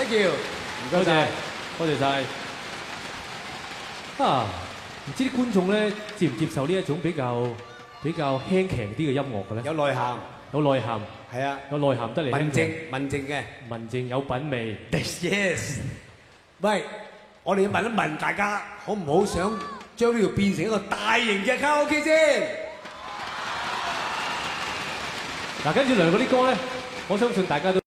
Thank you，多謝，多謝晒。啊，唔知啲觀眾咧接唔接受呢一種比較比較輕強啲嘅音樂嘅咧？有內涵，有內涵。係啊，有內涵得嚟。文靜，文靜嘅。文靜有品味。Yes，喂，我哋要問一問大家，好唔好想將呢度變成一個大型嘅卡拉 OK 先？嗱，跟住嚟嗰啲歌咧，我相信大家都。